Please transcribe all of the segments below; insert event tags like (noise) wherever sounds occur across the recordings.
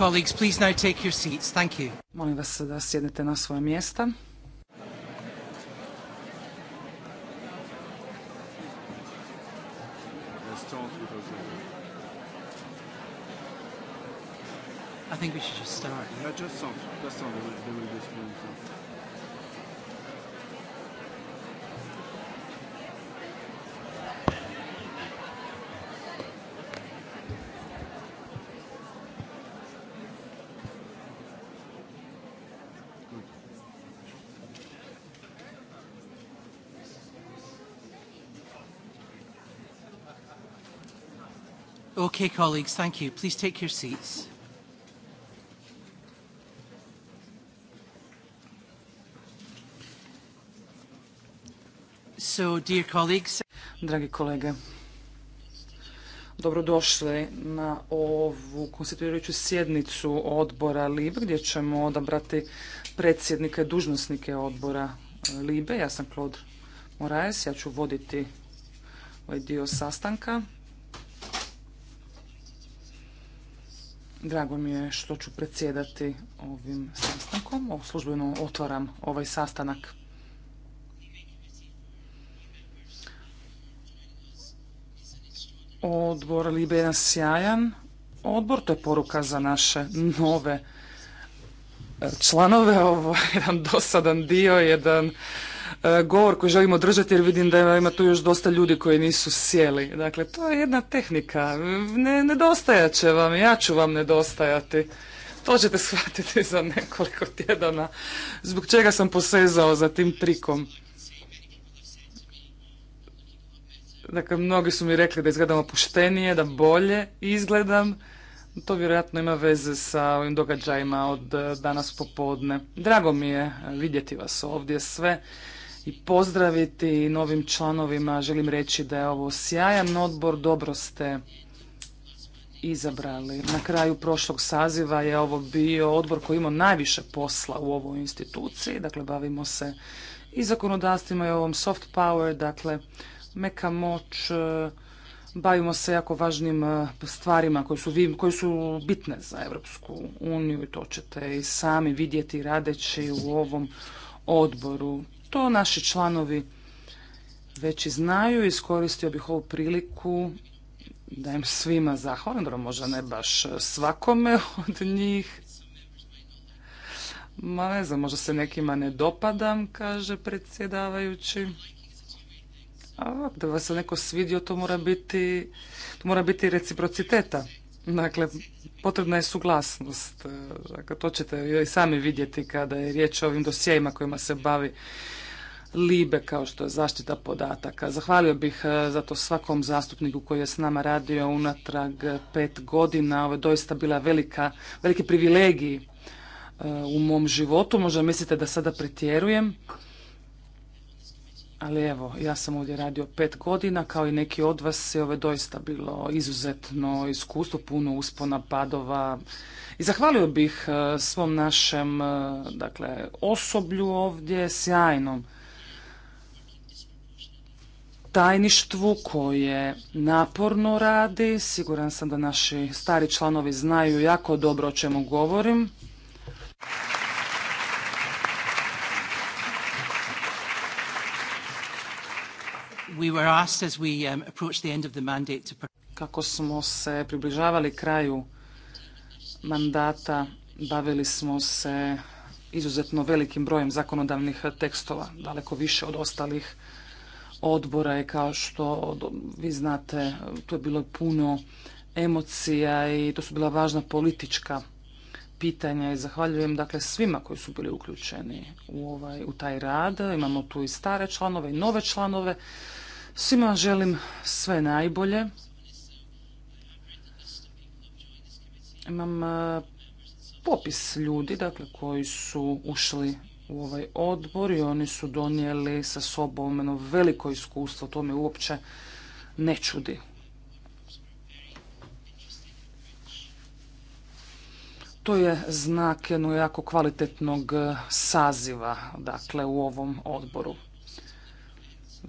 Colleagues, please now take your seats. Thank you. Molim vas da sjednete na svoje mjesta. Okay, colleagues, thank you. Please take your seats. So, dear colleagues... Dragi kolege, dobrodošli na ovu konstituirajuću sjednicu odbora LIB, gdje ćemo odabrati predsjednike, dužnosnike odbora LIBE. Ja sam Claude Moraes, ja ću voditi ovaj dio sastanka. Drago mi je što ću predsjedati ovim sastankom. Službeno otvaram ovaj sastanak. Odbor Libe je sjajan odbor, to je poruka za naše nove e, članove. (laughs) Ovo je jedan dosadan dio, jedan E, govor koji želimo održati jer vidim da ima tu još dosta ljudi koji nisu sjeli. Dakle, to je jedna tehnika. Ne, nedostajat će vam, ja ću vam nedostajati. To ćete (laughs) shvatiti za nekoliko tjedana. Zbog čega sam posezao za tim trikom. Dakle, mnogi su mi rekli da izgledam opuštenije, da bolje izgledam. To vjerojatno ima veze sa ovim događajima od e, danas popodne. Drago mi je vidjeti vas ovdje sve i pozdraviti novim članovima. Želim reći da je ovo sjajan odbor, dobro ste izabrali. Na kraju prošlog saziva je ovo bio odbor koji imao najviše posla u ovoj instituciji, dakle bavimo se i zakonodavstvima i ovom soft power, dakle meka moć, e, bavimo se jako važnim e, stvarima koje su, koje su bitne za Europsku uniju i to ćete i sami vidjeti radeći u ovom odboru. To naši članovi već i znaju. Iskoristio bih ovu priliku da im svima zahvalim, dobro možda ne baš svakome (laughs) od njih. Ma ne znam, možda se nekima ne dopadam, kaže predsjedavajući. A da vas se neko svidio, to mora biti, to mora biti reciprociteta. Dakle, potrebna je suglasnost. Dakle, to ćete i sami vidjeti kada je riječ o ovim dosjejima kojima se bavi Libe kao što je zaštita podataka. Zahvalio bih e, zato svakom zastupniku koji je s nama radio unatrag e, pet godina. Ovo je doista bila velika, veliki privilegiji e, u mom životu. Možda mislite da sada pretjerujem, ali evo, ja sam ovdje radio pet godina, kao i neki od vas je ovo doista bilo izuzetno iskustvo, puno uspona, padova. I zahvalio bih svom našem dakle, osoblju ovdje, sjajnom tajništvu koje naporno radi. Siguran sam da naši stari članovi znaju jako dobro o čemu govorim. Kako smo se približavali kraju mandata, bavili smo se izuzetno velikim brojem zakonodavnih tekstova, daleko više od ostalih odbora je kao što vi znate, tu je bilo puno emocija i to su bila važna politička pitanja i zahvaljujem dakle svima koji su bili uključeni u, ovaj, u taj rad. Imamo tu i stare članove i nove članove. Svima želim sve najbolje. Imam eh, popis ljudi dakle, koji su ušli u ovaj odbor i oni su donijeli sa sobom jedno veliko iskustvo, to me uopće ne čudi. To je znak jednog jako kvalitetnog e, saziva, dakle, u ovom odboru.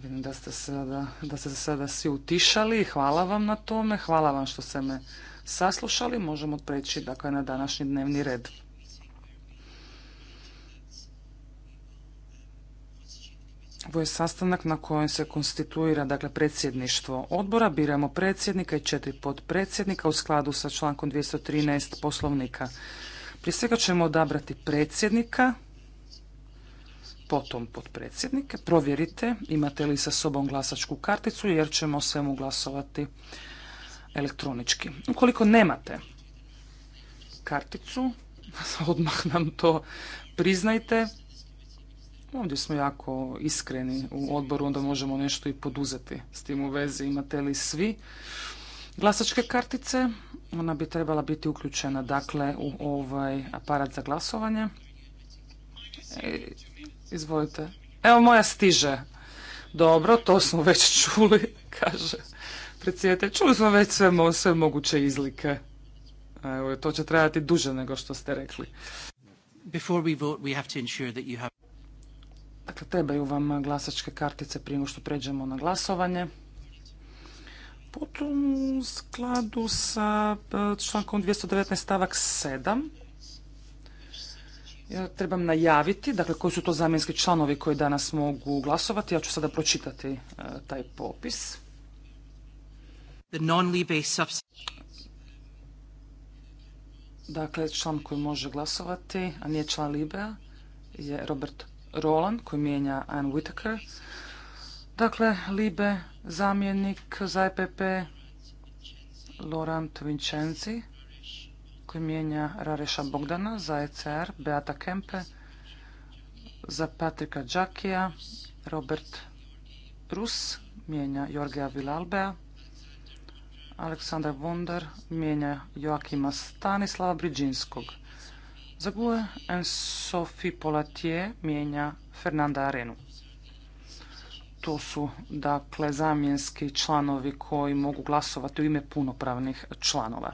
Vidim da ste sada, da ste sada svi utišali, hvala vam na tome, hvala vam što ste me saslušali, možemo preći dakle na današnji dnevni red. Ovo je sastanak na kojem se konstituira dakle, predsjedništvo odbora. Biramo predsjednika i četiri podpredsjednika u skladu sa člankom 213 poslovnika. Prije svega ćemo odabrati predsjednika, potom podpredsjednike. Provjerite imate li sa sobom glasačku karticu jer ćemo svemu glasovati elektronički. Ukoliko nemate karticu, (laughs) odmah nam to priznajte Ovdje smo jako iskreni u odboru, onda možemo nešto i poduzeti s tim u vezi. Imate li svi glasačke kartice? Ona bi trebala biti uključena dakle u ovaj aparat za glasovanje. E, izvolite. Evo moja stiže. Dobro, to smo već (laughs) čuli, kaže predsjedatelj. Čuli smo već sve, moguće izlike. Evo, to će trajati duže nego što ste rekli. Before we vote, we have to ensure that you have Dakle, trebaju vam glasačke kartice prije nego što pređemo na glasovanje. Potom u skladu sa e, člankom 219 stavak 7 ja trebam najaviti, dakle koji su to zamjenski članovi koji danas mogu glasovati. Ja ću sada pročitati e, taj popis. Dakle, član koji može glasovati, a nije član Libea, je Robert Roland koji mijenja Anne Whitaker. Dakle, Libe, zamjenik za EPP, Laurent Vincenzi koji mijenja Rareša Bogdana za ECR, Beata Kempe, za Patrika Đakija, Robert Rus mijenja Jorgea Vilalbea, Aleksandar Vondar mijenja Joakima Stanislava Bridžinskog. Za en Sophie Polatier mijenja Fernanda Arenu. To su dakle zamjenski članovi koji mogu glasovati u ime punopravnih članova.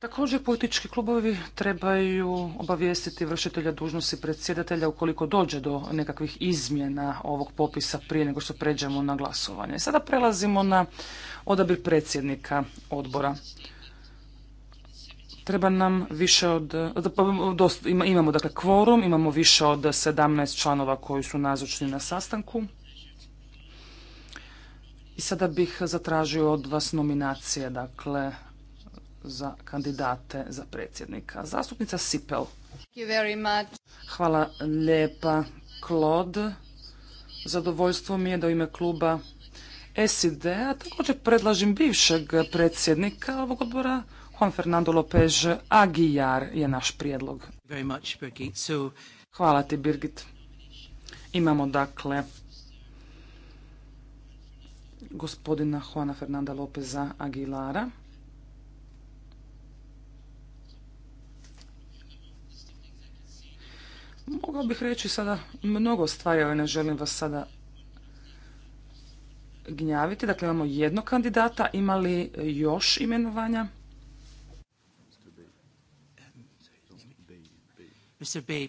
Također politički klubovi trebaju obavijestiti vršitelja dužnosti predsjedatelja ukoliko dođe do nekakvih izmjena ovog popisa prije nego što pređemo na glasovanje. Sada prelazimo na odabir predsjednika odbora. Treba nam više od, e, pa, imamo dakle kvorum, imamo više od 17 članova koji su nazočni na sastanku. I sada bih zatražio od vas nominacije, dakle, za kandidate za predsjednika. Zastupnica Sipel. Hvala lijepa, Klod. Zadovoljstvo mi je da u ime kluba SID-a također predlažem bivšeg predsjednika ovog odbora, Juan Fernando Lopez Aguilar je naš prijedlog. Hvala ti, Birgit. Imamo dakle gospodina Juana Fernanda Lopeza Aguilara. Mogao bih reći sada mnogo stvari, ali ne želim vas sada gnjaviti. Dakle, imamo jednog kandidata. Ima li još imenovanja? Mr.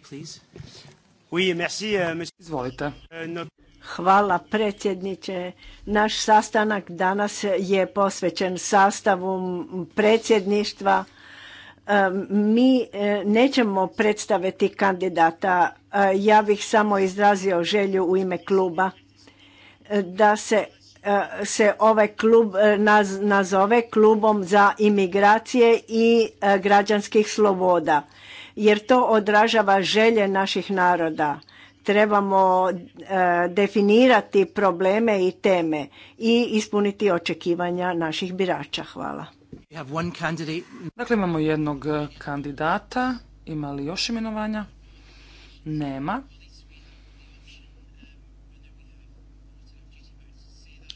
Euh, euh, Hvala predsjedniče. Naš sastanak danas je posvećen sastavu predsjedništva. E, mi e, nećemo predstaviti kandidata. E, ja bih samo izrazio želju u ime kluba da se, se ovaj klub nazove klubom za imigracije i građanskih sloboda jer to odražava želje naših naroda. Trebamo e, definirati probleme i teme i ispuniti očekivanja naših birača. Hvala. Dakle, imamo jednog e, kandidata. Ima li još imenovanja? Nema.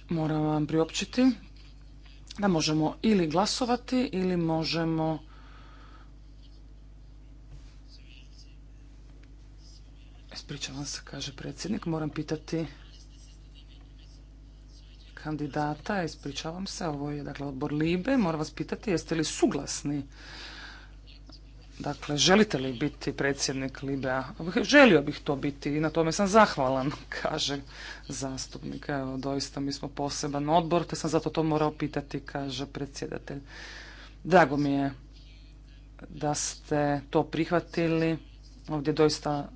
Moram vam priopćiti da možemo ili glasovati ili možemo Ispričavam se, kaže predsjednik. Moram pitati kandidata. Ispričavam se, ovo je dakle odbor Libe. Moram vas pitati jeste li suglasni Dakle, želite li biti predsjednik Libe? Želio bih to biti i na tome sam zahvalan, (laughs) kaže zastupnik. Evo, doista mi smo poseban odbor, te sam zato to morao pitati, kaže predsjedatelj. Drago mi je da ste to prihvatili. Ovdje doista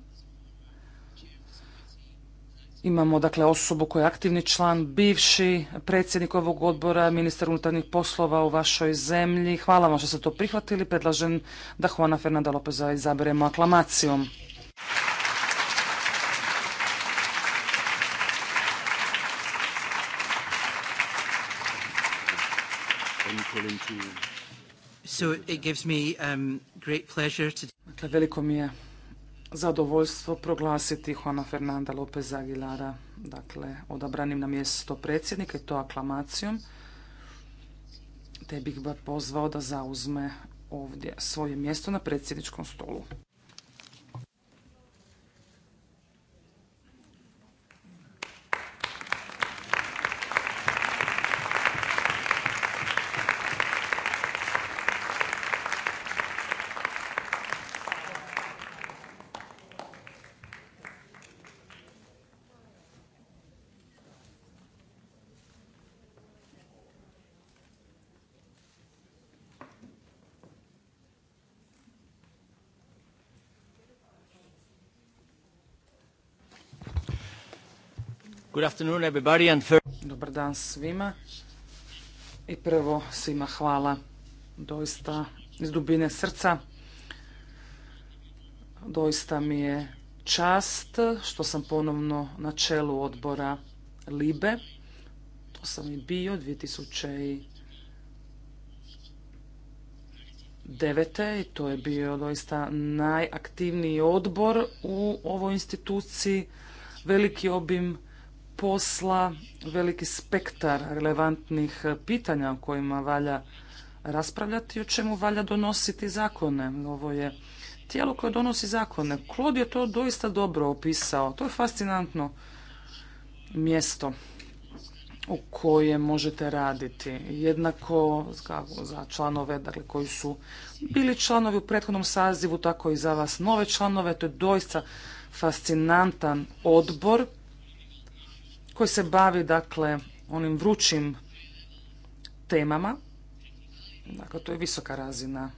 Imamo dakle osobu koja je aktivni član, bivši predsjednik ovog odbora, ministar unutarnjih poslova u vašoj zemlji. Hvala vam što ste to prihvatili. Predlažem da Juana Fernanda Lopeza izaberemo aklamacijom. So um, to... Dakle, veliko mi je zadovoljstvo proglasiti Juana Fernanda Lopez Aguilara, dakle, odabranim na mjesto predsjednika i to aklamacijom, te bih ga pozvao da zauzme ovdje svoje mjesto na predsjedničkom stolu. Good afternoon everybody and first... Dobar dan svima. I prvo svima hvala doista iz dubine srca. Doista mi je čast što sam ponovno na čelu odbora Libe. To sam i bio 2009. i to je bio doista najaktivniji odbor u ovoj instituciji. Veliki obim posla, veliki spektar relevantnih pitanja o kojima valja raspravljati o čemu valja donositi zakone. Ovo je tijelo koje donosi zakone. Klod je to doista dobro opisao. To je fascinantno mjesto u kojem možete raditi. Jednako za članove dakle, koji su bili članovi u prethodnom sazivu, tako i za vas nove članove. To je doista fascinantan odbor koji se bavi dakle onim vrućim temama. Dakle, to je visoka razina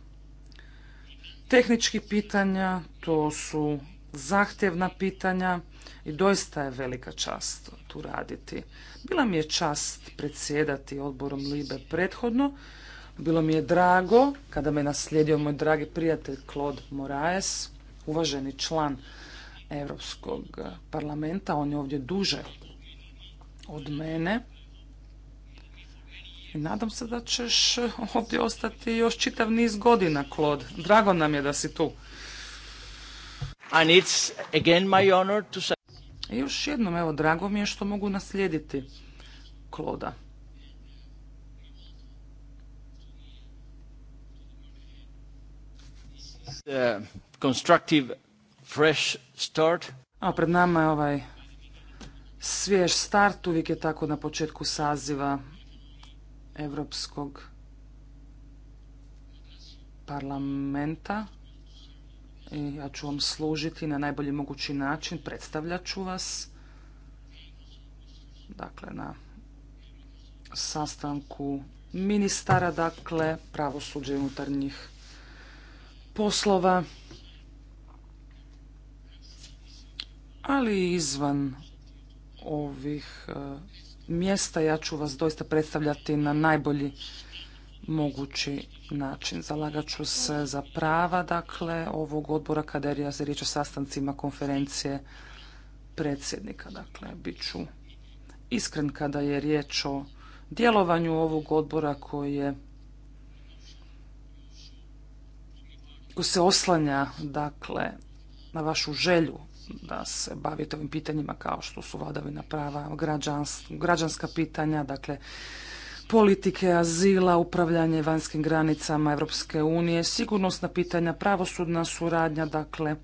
tehničkih pitanja, to su zahtjevna pitanja i doista je velika čast tu raditi. Bila mi je čast predsjedati odborom Libe prethodno. Bilo mi je drago kada me naslijedio moj dragi prijatelj Claude Moraes, uvaženi član Europskog parlamenta. On je ovdje duže od mene. nadam se da ćeš ovdje ostati još čitav niz godina, Klod. Drago nam je da si tu. again I još jednom, evo, drago mi je što mogu naslijediti Kloda. Uh, constructive fresh start. A pred nama je ovaj svjež start, uvijek je tako na početku saziva Europskog parlamenta. I ja ću vam služiti na najbolji mogući način, predstavljat ću vas. Dakle, na sastanku ministara, dakle, pravosuđe unutarnjih poslova, ali izvan ovih e, mjesta. Ja ću vas doista predstavljati na najbolji mogući način. Zalagat ću se za prava dakle ovog odbora kada je riječ o sastancima konferencije predsjednika. Dakle, bit ću iskren kada je riječ o djelovanju ovog odbora koji se oslanja dakle na vašu želju da se bavite ovim pitanjima kao što su vladavina prava, građanska pitanja, dakle politike azila, upravljanje vanjskim granicama Europske unije, sigurnosna pitanja, pravosudna suradnja, dakle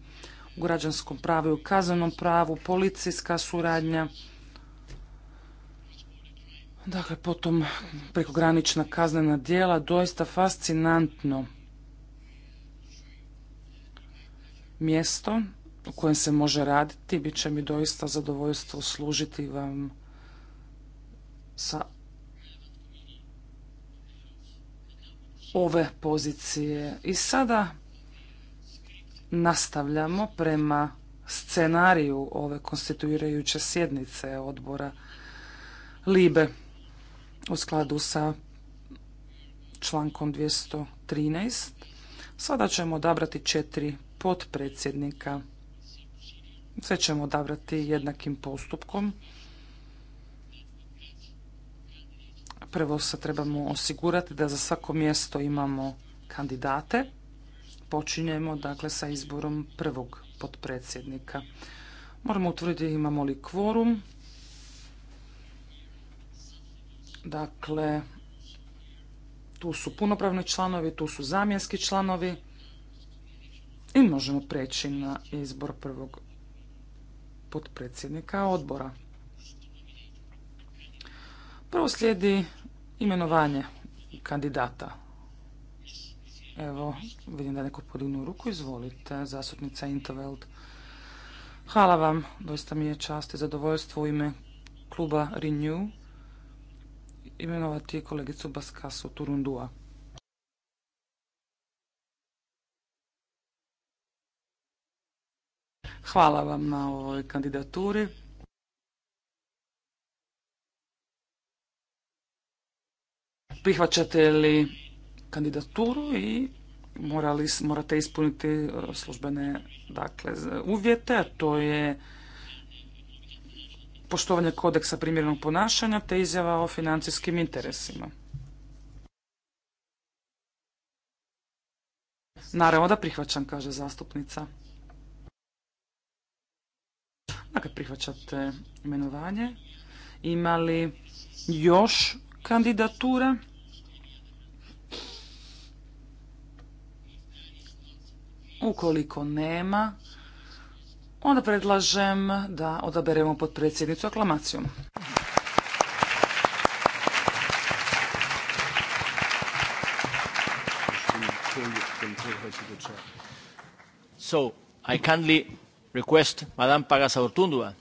u građanskom pravu i u kaznenom pravu, policijska suradnja, dakle potom prekogranična kaznena djela, doista fascinantno mjesto u kojem se može raditi. Bit će mi doista zadovoljstvo služiti vam sa ove pozicije. I sada nastavljamo prema scenariju ove konstituirajuće sjednice odbora Libe u skladu sa člankom 213. Sada ćemo odabrati četiri potpredsjednika sve ćemo odabrati jednakim postupkom. Prvo se trebamo osigurati da za svako mjesto imamo kandidate. Počinjemo dakle sa izborom prvog potpredsjednika. Moramo utvrditi imamo li kvorum. Dakle, tu su punopravni članovi, tu su zamjenski članovi i možemo preći na izbor prvog potpredsjednika odbora. Prvo slijedi imenovanje kandidata. Evo, vidim da neko podignu ruku, izvolite, zastupnica Interveld. Hvala vam, doista mi je čast i zadovoljstvo u ime kluba Renew imenovati kolegicu Baskasu Turundua. Hvala vam na ovoj kandidaturi. Prihvaćate li kandidaturu i morate ispuniti e, službene dakle, uvjete, a to je poštovanje kodeksa primjernog ponašanja te izjava o financijskim interesima. Naravno da prihvaćam, kaže zastupnica. Dakle, prihvaćate imenovanje. Ima li još kandidatura? Ukoliko nema, onda predlažem da odaberemo potpredsjednicu aklamacijom. So, I kindly request, Madame Pagasa Ortundua.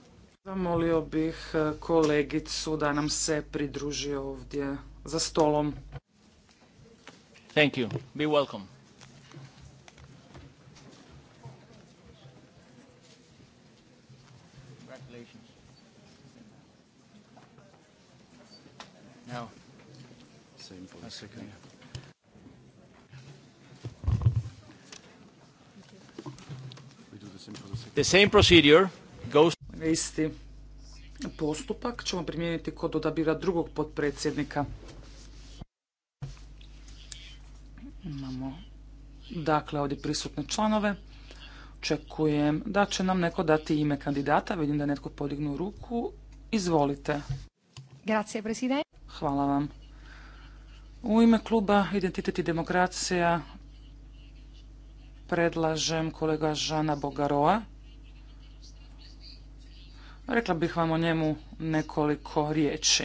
Zamolio bih eh, kolegicu da nam se pridruži ovdje za stolom. Thank you. Be welcome. Congratulations. Now. Same for the second. The same procedure goes... Isti postupak ćemo primijeniti kod odabira drugog potpredsjednika. Imamo dakle ovdje prisutne članove. Očekujem da će nam neko dati ime kandidata. Vidim da netko podignu ruku. Izvolite. Grazie, Hvala vam. U ime kluba Identitet i demokracija predlažem kolega Žana Bogaroa. Rekla bih vam o njemu nekoliko riječi.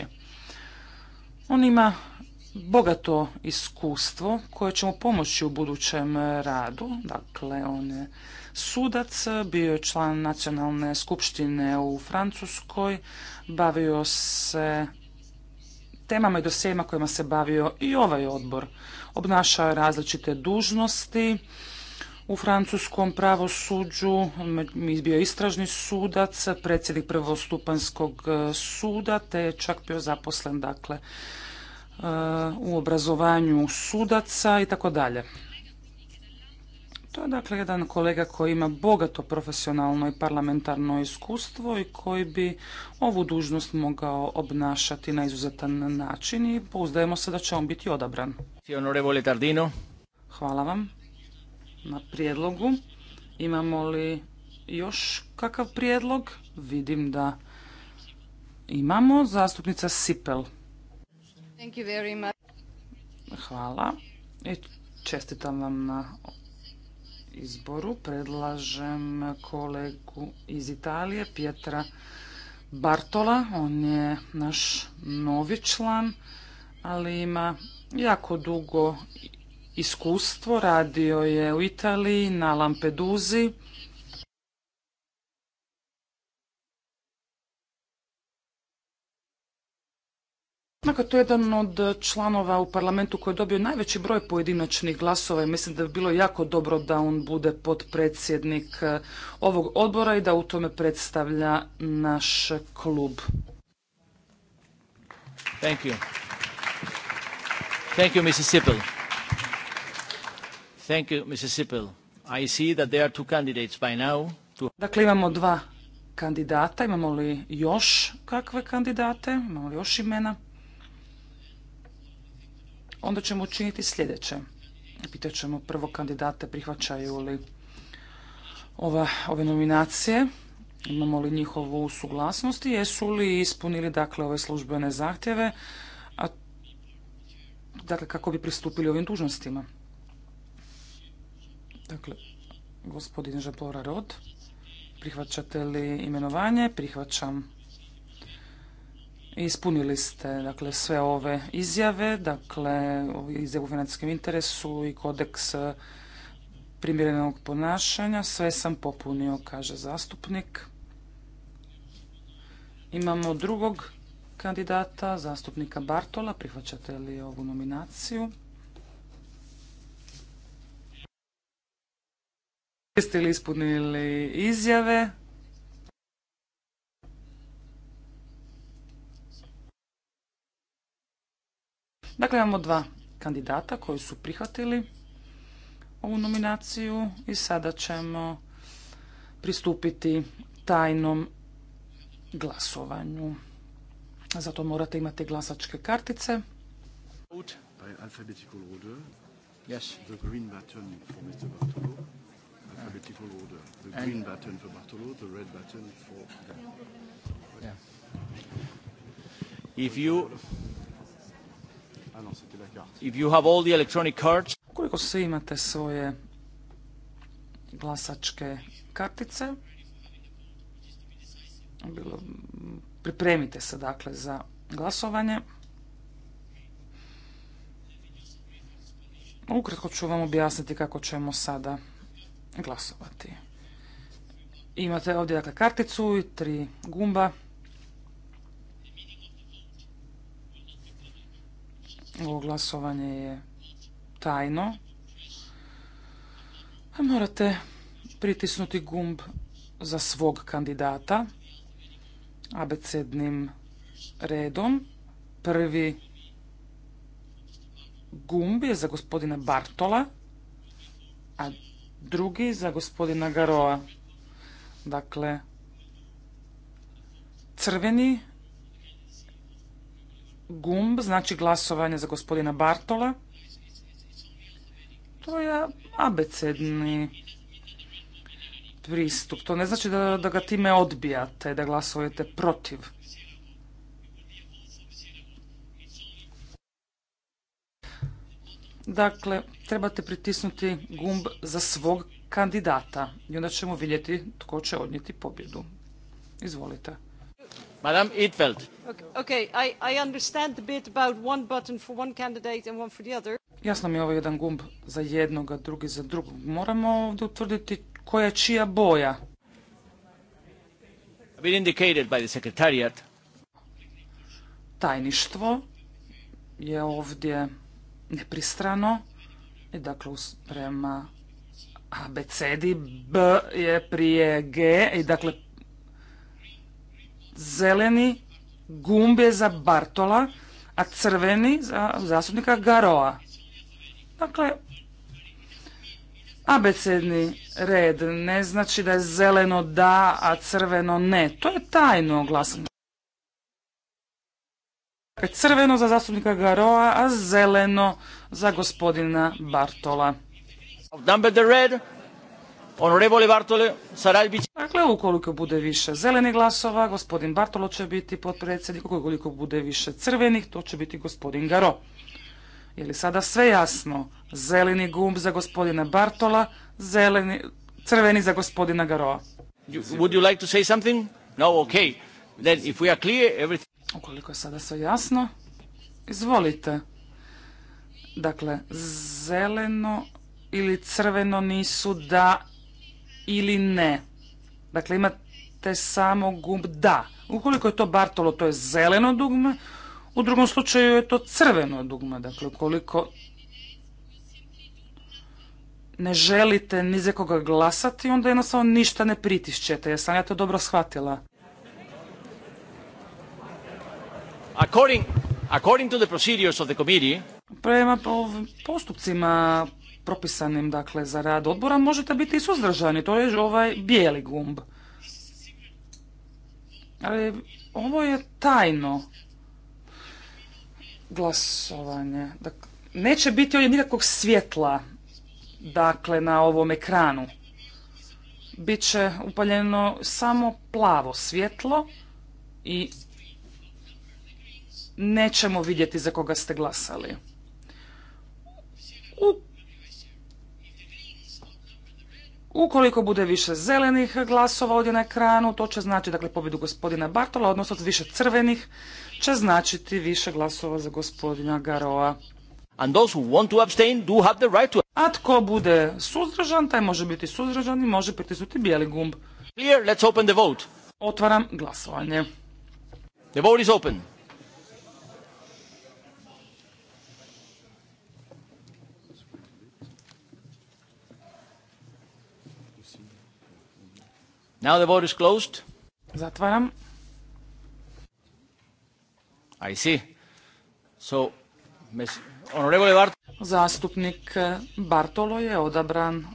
On ima bogato iskustvo koje će mu pomoći u budućem radu. Dakle, on je sudac, bio je član nacionalne skupštine u Francuskoj, bavio se temama i dosijema kojima se bavio i ovaj odbor. Obnašao je različite dužnosti, u francuskom pravosuđu, bio istražni sudac, predsjednik prvostupanskog e, suda, te je čak bio zaposlen dakle e, u obrazovanju sudaca i tako dalje. To je dakle jedan kolega koji ima bogato profesionalno i parlamentarno iskustvo i koji bi ovu dužnost mogao obnašati na izuzetan način i pouzdajemo se da će on biti odabran. Hvala vam na prijedlogu. Imamo li još kakav prijedlog? Vidim da imamo. Zastupnica Sipel. Hvala. I čestitam vam na izboru. Predlažem kolegu iz Italije, Pietra Bartola. On je naš novi član, ali ima jako dugo iskustvo, radio je u Italiji, na Lampeduzi. Dakle, to je jedan od članova u parlamentu koji je dobio najveći broj pojedinačnih glasova i mislim da bi bilo jako dobro da on bude potpredsjednik eh, ovog odbora i da u tome predstavlja naš klub. Thank you. Thank you, Thank you, Mrs. I see that there Dakle, imamo dva kandidata. Imamo li još kakve kandidate? Imamo li još imena? Onda ćemo učiniti sljedeće. Pitat ćemo prvo kandidate prihvaćaju li ova, ove nominacije. Imamo li njihovu suglasnost i jesu li ispunili dakle ove službene zahtjeve a, dakle kako bi pristupili ovim dužnostima. Dakle, gospodin Žabora Rod, prihvaćate li imenovanje? Prihvaćam. Ispunili ste dakle, sve ove izjave, dakle, izjavu u financijskom interesu i kodeks primjerenog ponašanja. Sve sam popunio, kaže zastupnik. Imamo drugog kandidata, zastupnika Bartola. Prihvaćate li ovu nominaciju? Jeste li ispunili izjave? Dakle, imamo dva kandidata koji su prihvatili ovu nominaciju i sada ćemo pristupiti tajnom glasovanju. Zato morate imati glasačke kartice. Yes. The green button for Mr. Bartolo political order. The green button for Bartolo, the red button for... Yeah. If you... Ah if you have all the electronic cards... Ukoliko svi imate svoje glasačke kartice, bilo, pripremite se dakle za glasovanje. Ukratko ću vam objasniti kako ćemo sada glasovati. Imate ovdje dakle karticu i tri gumba. Ovo glasovanje je tajno. morate pritisnuti gumb za svog kandidata abecednim redom. Prvi gumb je za gospodina Bartola, a drugi za gospodina Garoa. Dakle, crveni gumb znači glasovanje za gospodina Bartola. To je abecedni pristup. To ne znači da, da ga time odbijate, da glasujete protiv. Dakle, trebate pritisnuti gumb za svog kandidata i onda ćemo vidjeti tko će odnijeti pobjedu. Izvolite. Madame Itfeld. Okay, I, I understand a bit about one button for one candidate and one for the other. Jasno mi je ovo jedan gumb za jednog, a drugi za drugog. Moramo ovdje utvrditi koja je čija boja. Been indicated by the secretariat. Tajništvo je ovdje nepristrano i dakle prema abecedi B je prije G i dakle zeleni gumb je za Bartola, a crveni za zastupnika Garoa. Dakle, abecedni red ne znači da je zeleno da, a crveno ne. To je tajno glasno. Crveno za zastupnika Garoa, a zeleno za gospodina Bartola. Dakle, ukoliko bude više zelenih glasova, gospodin Bartolo će biti potpredsjednik, ukoliko bude više crvenih, to će biti gospodin Garo. Je li sada sve jasno? Zeleni gumb za gospodina Bartola, crveni za gospodina Garoa. Would you like to say something? No, okay. Then if we are clear, everything... Ukoliko je sada sve jasno, izvolite. Dakle, zeleno ili crveno nisu da ili ne. Dakle, imate samo gumb da. Ukoliko je to Bartolo, to je zeleno dugme. U drugom slučaju je to crveno dugme. Dakle, ukoliko ne želite ni za koga glasati, onda jednostavno ništa ne pritišćete. Jesam ja to dobro shvatila? According, according to the procedures of the committee, Prema postupcima propisanim dakle, za rad odbora možete biti suzdržani. To je ovaj bijeli gumb. Ali ovo je tajno glasovanje. Dakle, neće biti ovdje nikakvog svjetla dakle, na ovom ekranu. Biće upaljeno samo plavo svjetlo i nećemo vidjeti za koga ste glasali. Ukoliko bude više zelenih glasova ovdje na ekranu, to će znači dakle, pobjedu gospodina Bartola, odnosno više crvenih će značiti više glasova za gospodina Garoa. A tko bude suzdržan, taj može biti suzdržan i može pritisnuti bijeli gumb. Otvaram glasovanje. The vote open. Now the vote is closed. Zatvaram. I see. So, Zastupnik Bartolo je odabran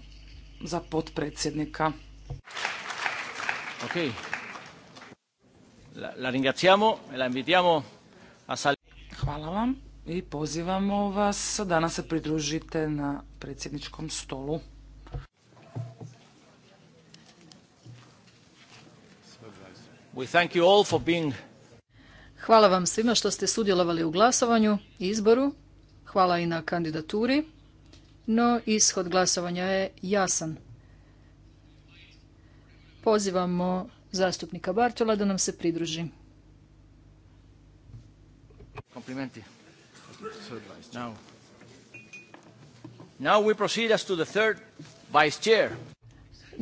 za potpredsjednika. Ok. La, la ringraziamo, la invitiamo a sal... Hvala vam i pozivamo vas da nas se pridružite na predsjedničkom stolu. Hvala vam svima što ste sudjelovali u glasovanju i izboru. Hvala i na kandidaturi. No, ishod glasovanja je jasan. Pozivamo zastupnika Bartola da nam se pridruži. Komplimenti. Now we proceed to the third vice chair.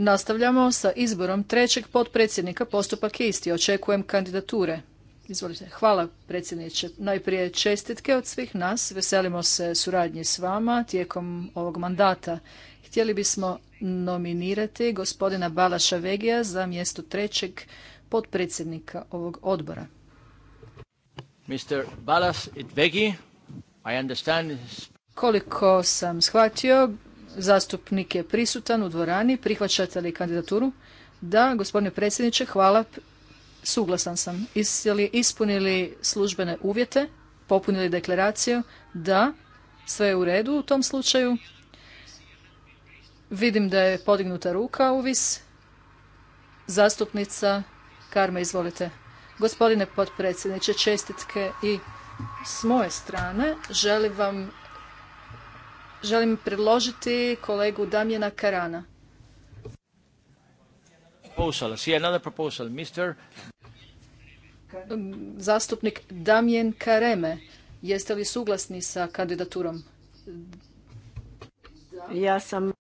Nastavljamo sa izborom trećeg potpredsjednika. Postupak je isti. Očekujem kandidature. Izvolite. Hvala predsjedniče. Najprije čestitke od svih nas. Veselimo se suradnji s vama tijekom ovog mandata. Htjeli bismo nominirati gospodina Balaša Vegija za mjesto trećeg potpredsjednika ovog odbora. Mr. I understand... Koliko sam shvatio, zastupnik je prisutan u dvorani. Prihvaćate li kandidaturu? Da, gospodine predsjedniče, hvala. Suglasan sam. Jeste ispunili službene uvjete? Popunili deklaraciju? Da. Sve je u redu u tom slučaju. Vidim da je podignuta ruka u vis. Zastupnica Karma, izvolite. Gospodine potpredsjedniče, čestitke i s moje strane. Želim vam želim predložiti kolegu Damjena Karana. Zastupnik Damjen Kareme, jeste li suglasni sa kandidaturom? Ja sam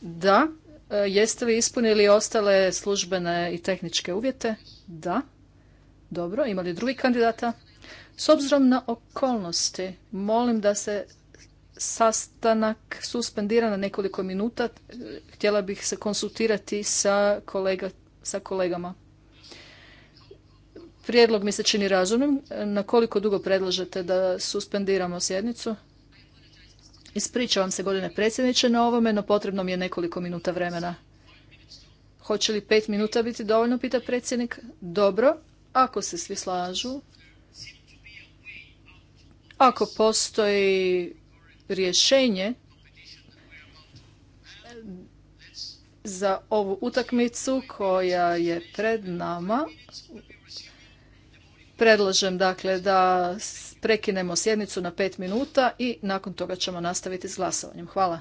Da, e, jeste li ispunili ostale službene i tehničke uvjete? Da. Dobro, imali drugi kandidata? S obzirom na okolnosti, molim da se sastanak suspendira na nekoliko minuta. E, htjela bih se konsultirati sa, kolega, sa kolegama. Prijedlog mi se čini razumnim. E, na koliko dugo predlažete da suspendiramo sjednicu? Ispričavam se, godine predsjedniče, na ovome, no potrebno mi je nekoliko minuta vremena. Hoće li pet minuta biti dovoljno, pita predsjednik. Dobro, ako se svi slažu, ako postoji rješenje za ovu utakmicu koja je pred nama, predlažem dakle da prekinemo sjednicu na pet minuta i nakon toga ćemo nastaviti s glasovanjem. Hvala.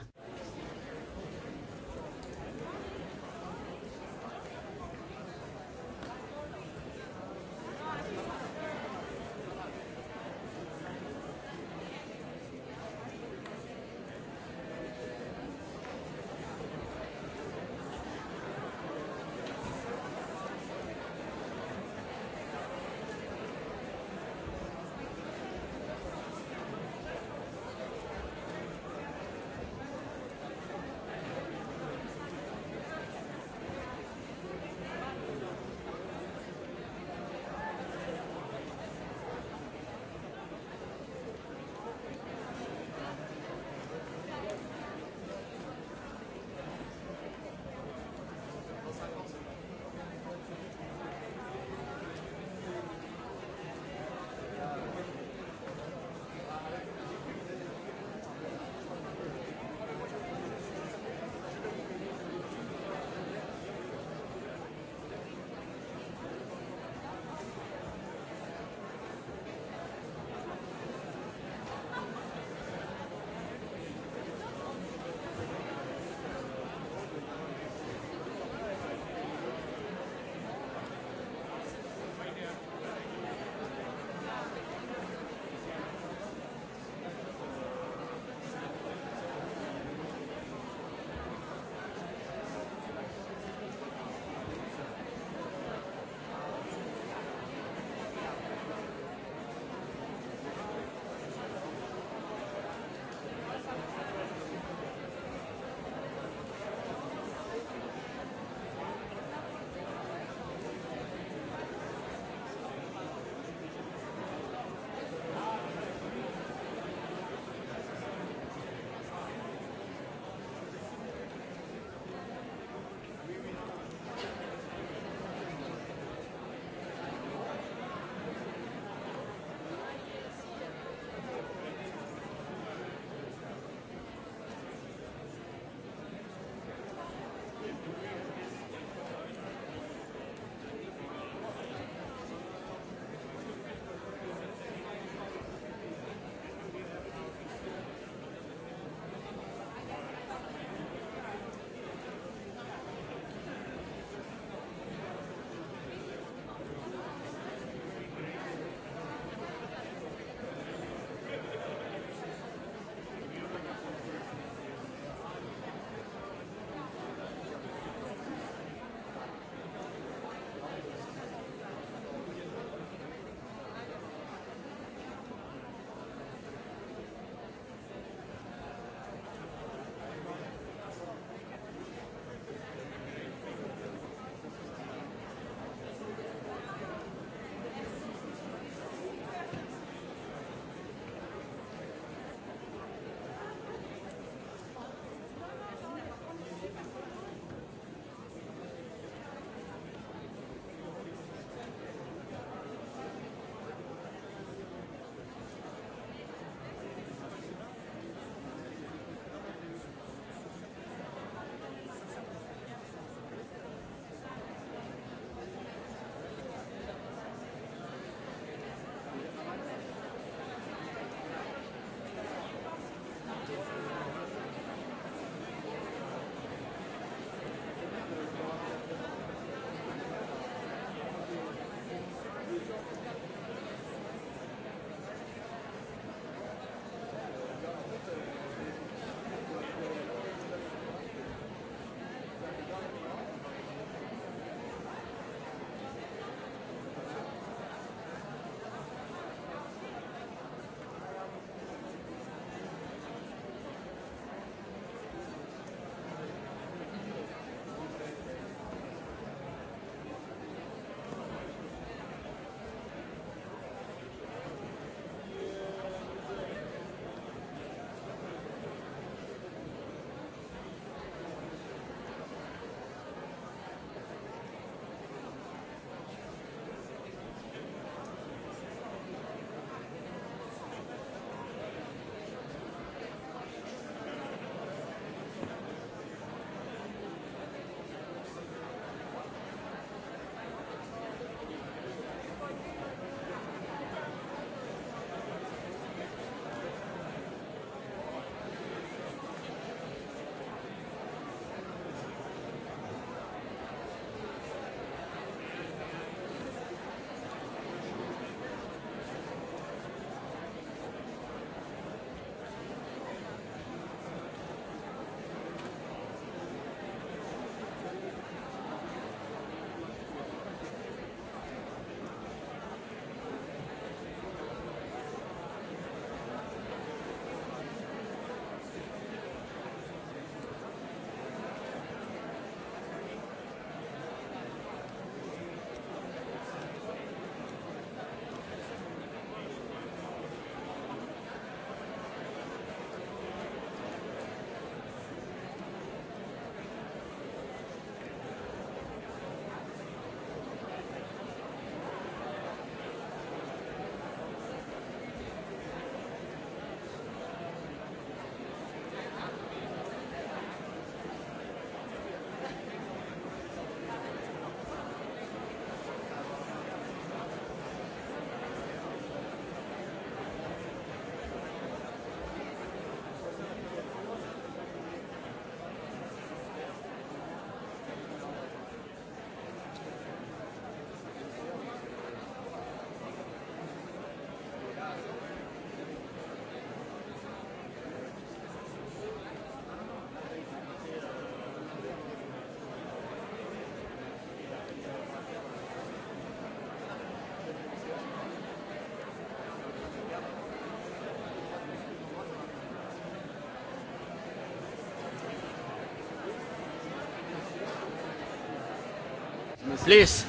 Please.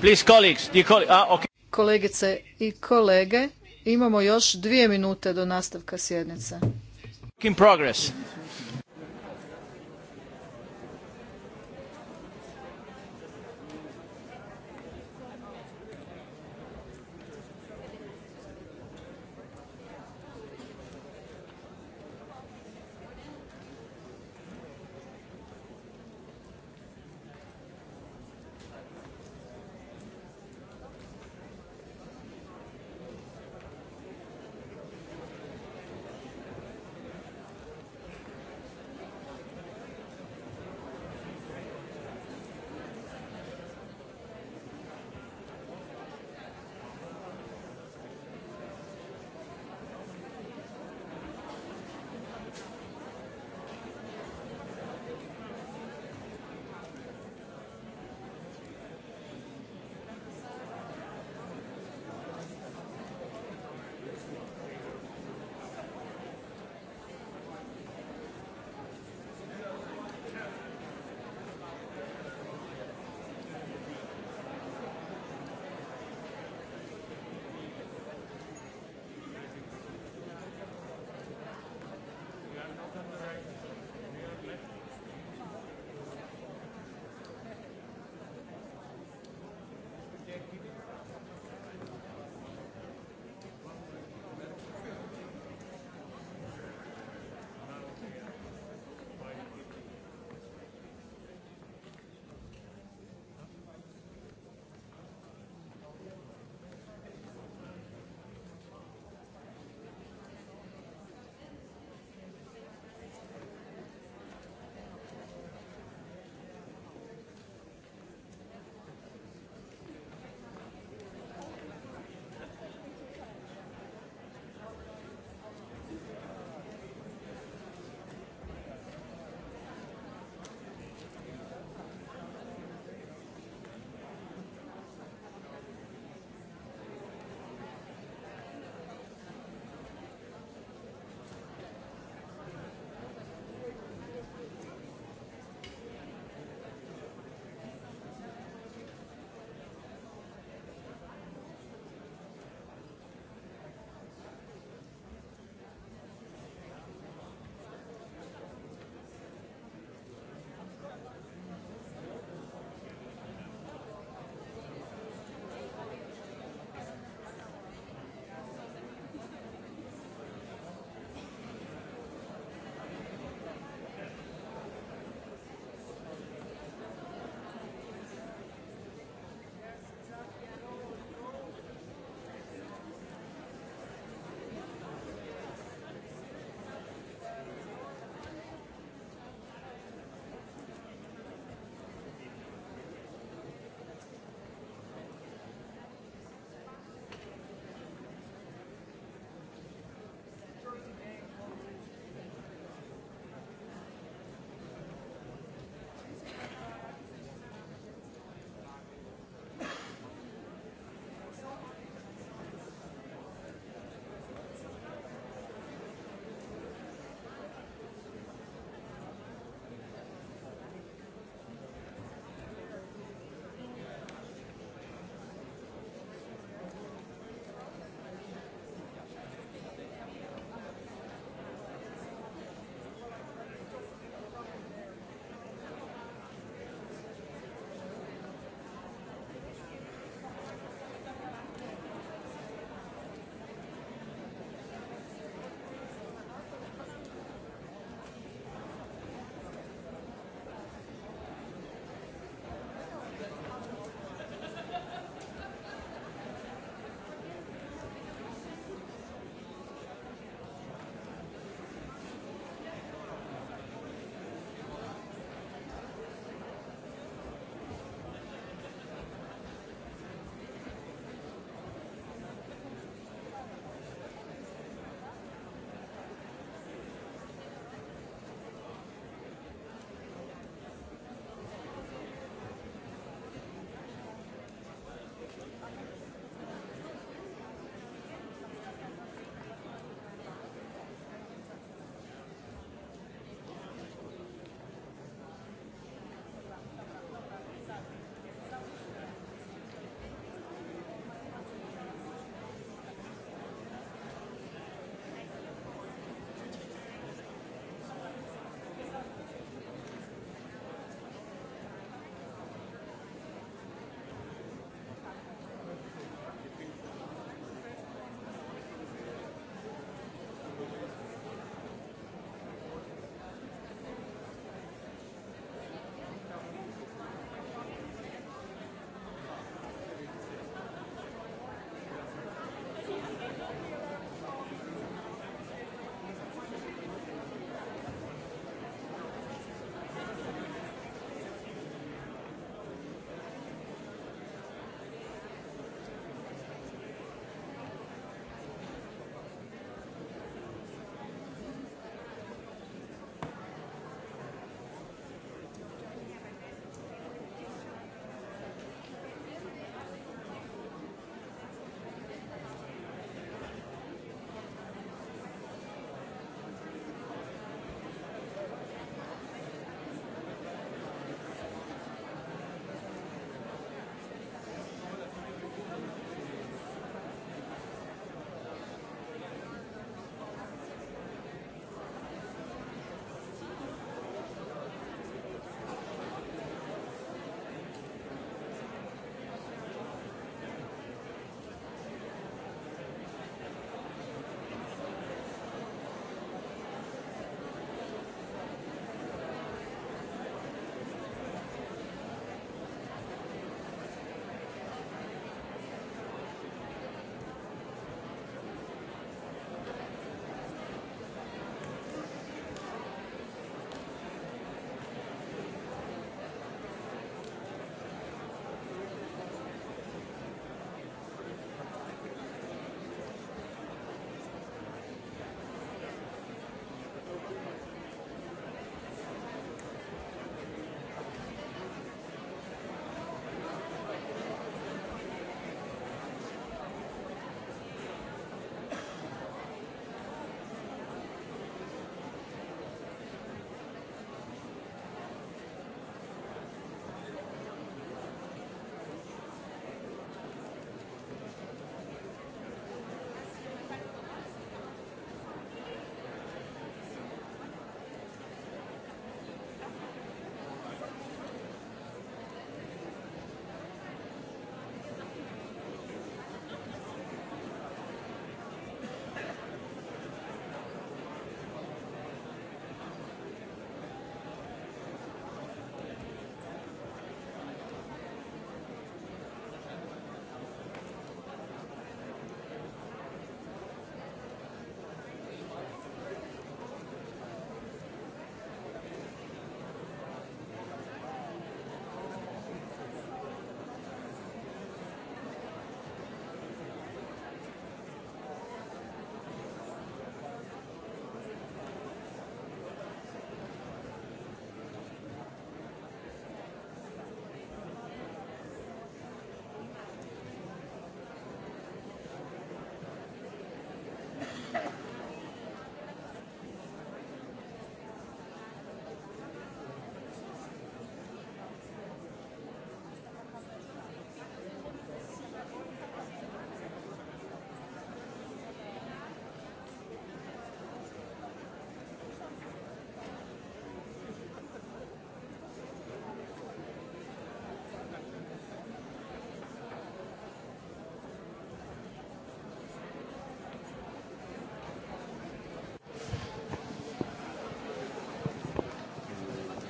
Please colleagues. Colleague. Ah, okay. Kolegice i kolege, imamo još dvije minute do nastavka sjednice. In progress.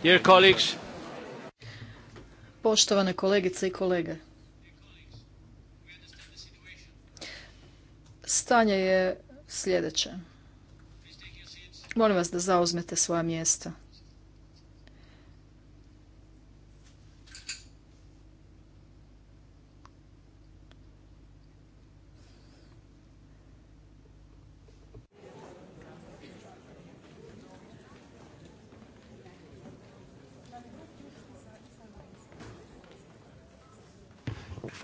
Dear Poštovane kolegice i kolege. Stanje je sljedeće. Molim vas da zauzmete svoja mjesta.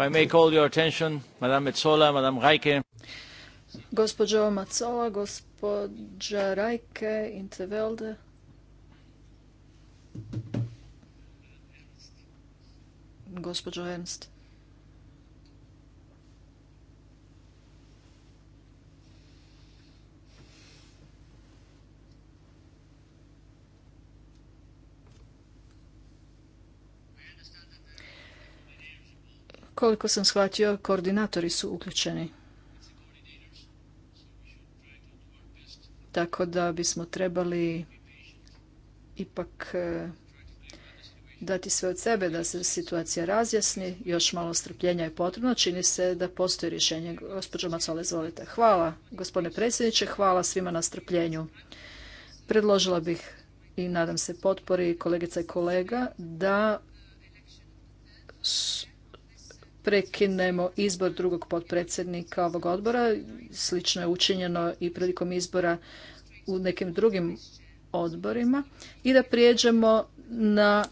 I may call your attention, Madame Metzola, Madame Reike. Gospođo Macola, gospođa Reike, Intervelde. Gospođo Ernst. Koliko sam shvatio, koordinatori su uključeni. Tako da bismo trebali ipak e, dati sve od sebe da se situacija razjasni. Još malo strpljenja je potrebno. Čini se da postoji rješenje. Gospođo Macole, izvolite. Hvala, gospodine predsjedniče. Hvala svima na strpljenju. Predložila bih i nadam se potpori kolegica i kolega da prekinemo izbor drugog potpredsjednika ovog odbora. Slično je učinjeno i prilikom izbora u nekim drugim odborima i da prijeđemo na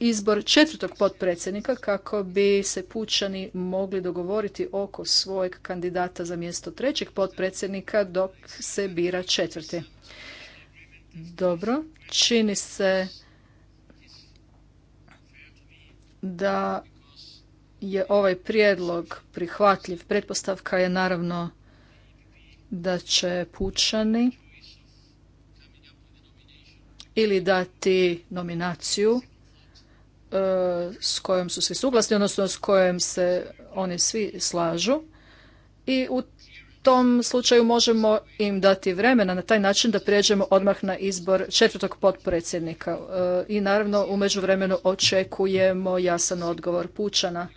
izbor četvrtog potpredsjednika kako bi se pučani mogli dogovoriti oko svojeg kandidata za mjesto trećeg potpredsjednika dok se bira četvrti. Dobro, čini se da je ovaj prijedlog prihvatljiv. Pretpostavka je naravno da će pučani ili dati nominaciju e, s kojom su svi suglasni, odnosno s kojom se oni svi slažu i u tom slučaju možemo im dati vremena na taj način da prijeđemo odmah na izbor četvrtog potpredsjednika. E, I naravno u međuvremenu očekujemo jasan odgovor Pučana.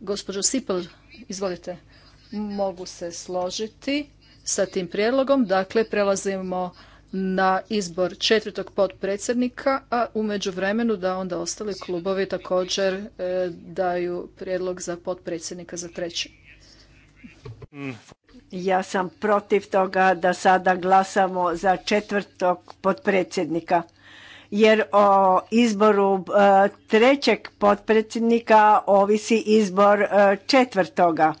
Gospođo Sipel, izvolite. Mogu se složiti sa tim prijedlogom. Dakle, prelazimo na izbor četvrtog potpredsjednika, a u međuvremenu da onda ostali klubovi također e, daju prijedlog za potpredsjednika za treći. Ja sam protiv toga da sada glasamo za četvrtog potpredsjednika jer o izboru e, trećeg potpredsjednika ovisi izbor e, četvrtoga.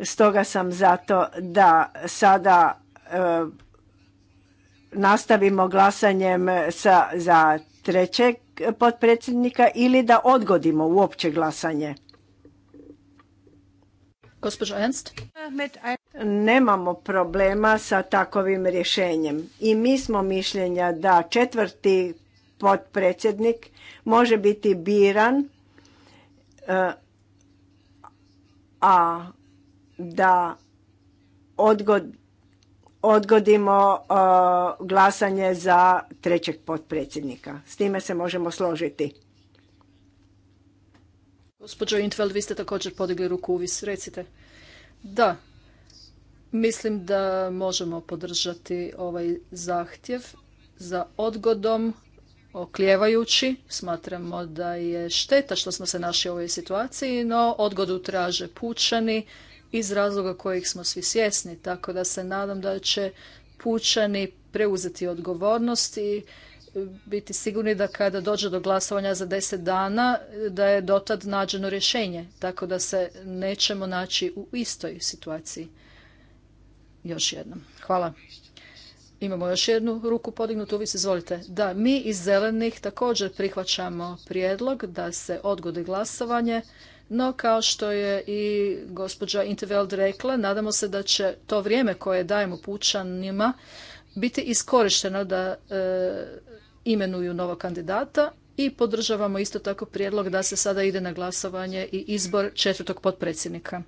Stoga sam zato da sada e, nastavimo glasanjem za trećeg potpredsjednika ili da odgodimo uopće glasanje. Gospođo Nemamo problema sa takovim rješenjem. I mi smo mišljenja da četvrti potpredsjednik može biti biran eh, a da odgodimo eh, glasanje za trećeg potpredsjednika. S time se možemo složiti. Gospođo Intveld, vi ste također podigli ruku uvis, recite. Da, mislim da možemo podržati ovaj zahtjev za odgodom oklijevajući. Smatramo da je šteta što smo se našli u ovoj situaciji, no odgodu traže pučani iz razloga kojih smo svi svjesni, tako da se nadam da će pučani preuzeti odgovornost i biti sigurni da kada dođe do glasovanja za deset dana da je dotad nađeno rješenje, tako da se nećemo naći u istoj situaciji. Još jednom. Hvala. Imamo još jednu ruku podignutu, vi se izvolite. Da, mi iz zelenih također prihvaćamo prijedlog da se odgode glasovanje, no kao što je i gospođa Interveld rekla, nadamo se da će to vrijeme koje dajemo pučanima biti iskorišteno da e, imenuju novog kandidata i podržavamo isto tako prijedlog da se sada ide na glasovanje i izbor četvrtog potpredsjednika.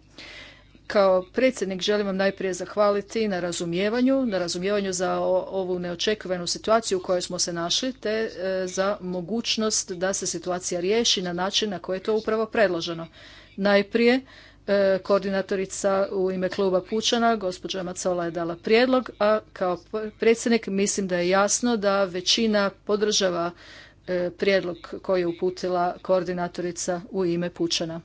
Kao predsjednik želim vam najprije zahvaliti na razumijevanju, na razumijevanju za ovu neočekivanu situaciju u kojoj smo se našli, te e, za mogućnost da se situacija riješi na način na koji je to upravo predloženo. Najprije E, koordinatorica u ime kluba Pučana, gospođa Macola je dala prijedlog, a kao predsjednik mislim da je jasno da većina podržava e, prijedlog koji je uputila koordinatorica u ime Pučana.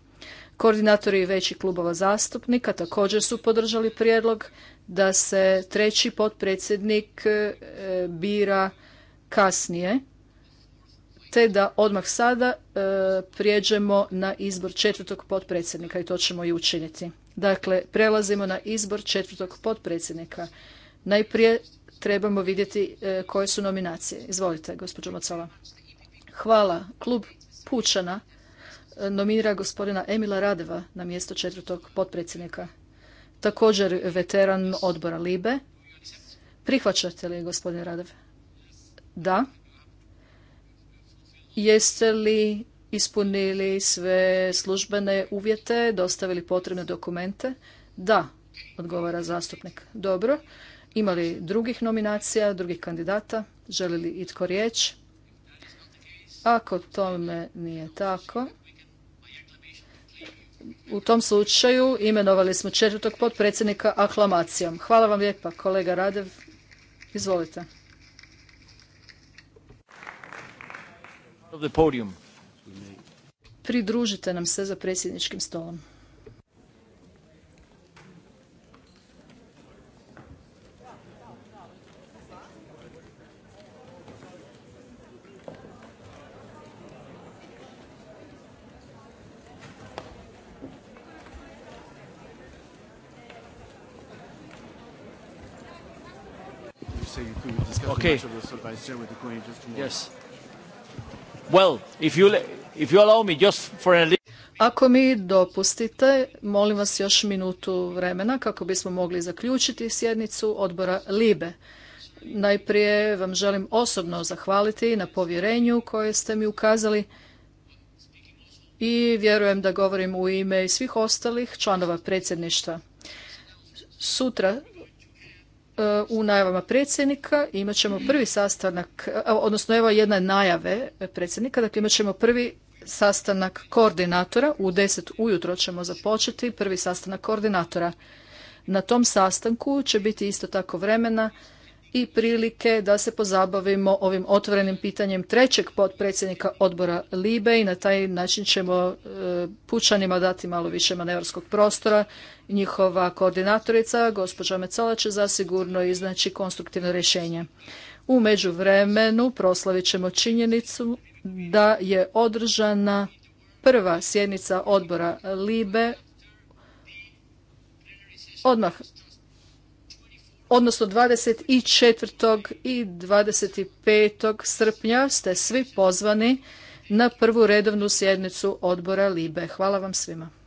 Koordinatori većih klubova zastupnika također su podržali prijedlog da se treći potpredsjednik e, bira kasnije te da odmah sada e, prijeđemo na izbor četvrtog potpredsjednika i to ćemo i učiniti. Dakle, prelazimo na izbor četvrtog potpredsjednika. Najprije trebamo vidjeti e, koje su nominacije. Izvolite, gospođo Mocola. Hvala. Klub Pučana e, nominira gospodina Emila Radeva na mjesto četvrtog potpredsjednika. Također veteran odbora Libe. Prihvaćate li gospodine Radev? Da. Jeste li ispunili sve službene uvjete, dostavili potrebne dokumente? Da, odgovara zastupnik. Dobro. Ima li drugih nominacija, drugih kandidata? Želi li itko riječ? Ako tome nije tako, u tom slučaju imenovali smo četvrtog potpredsjednika aklamacijom. Hvala vam lijepa, kolega Radev. Izvolite. of Pridružite nam se za predsjedničkim stolom. Okay. Ako mi dopustite, molim vas još minutu vremena kako bismo mogli zaključiti sjednicu odbora LIBE. Najprije vam želim osobno zahvaliti na povjerenju koje ste mi ukazali i vjerujem da govorim u ime svih ostalih članova predsjedništva. Sutra u najavama predsjednika imat ćemo prvi sastanak, e, odnosno evo jedna najave predsjednika, dakle imat ćemo prvi sastanak koordinatora, u deset ujutro ćemo započeti prvi sastanak koordinatora. Na tom sastanku će biti isto tako vremena i prilike da se pozabavimo ovim otvorenim pitanjem trećeg potpredsjednika odbora Libe i na taj način ćemo e, pučanima dati malo više manevarskog prostora. Njihova koordinatorica, gospođa Mecala, će zasigurno iznaći konstruktivno rješenje. U međuvremenu proslavit ćemo činjenicu da je održana prva sjednica odbora Libe odmah odnosno 24. i 25. srpnja ste svi pozvani na prvu redovnu sjednicu odbora Libe. Hvala vam svima.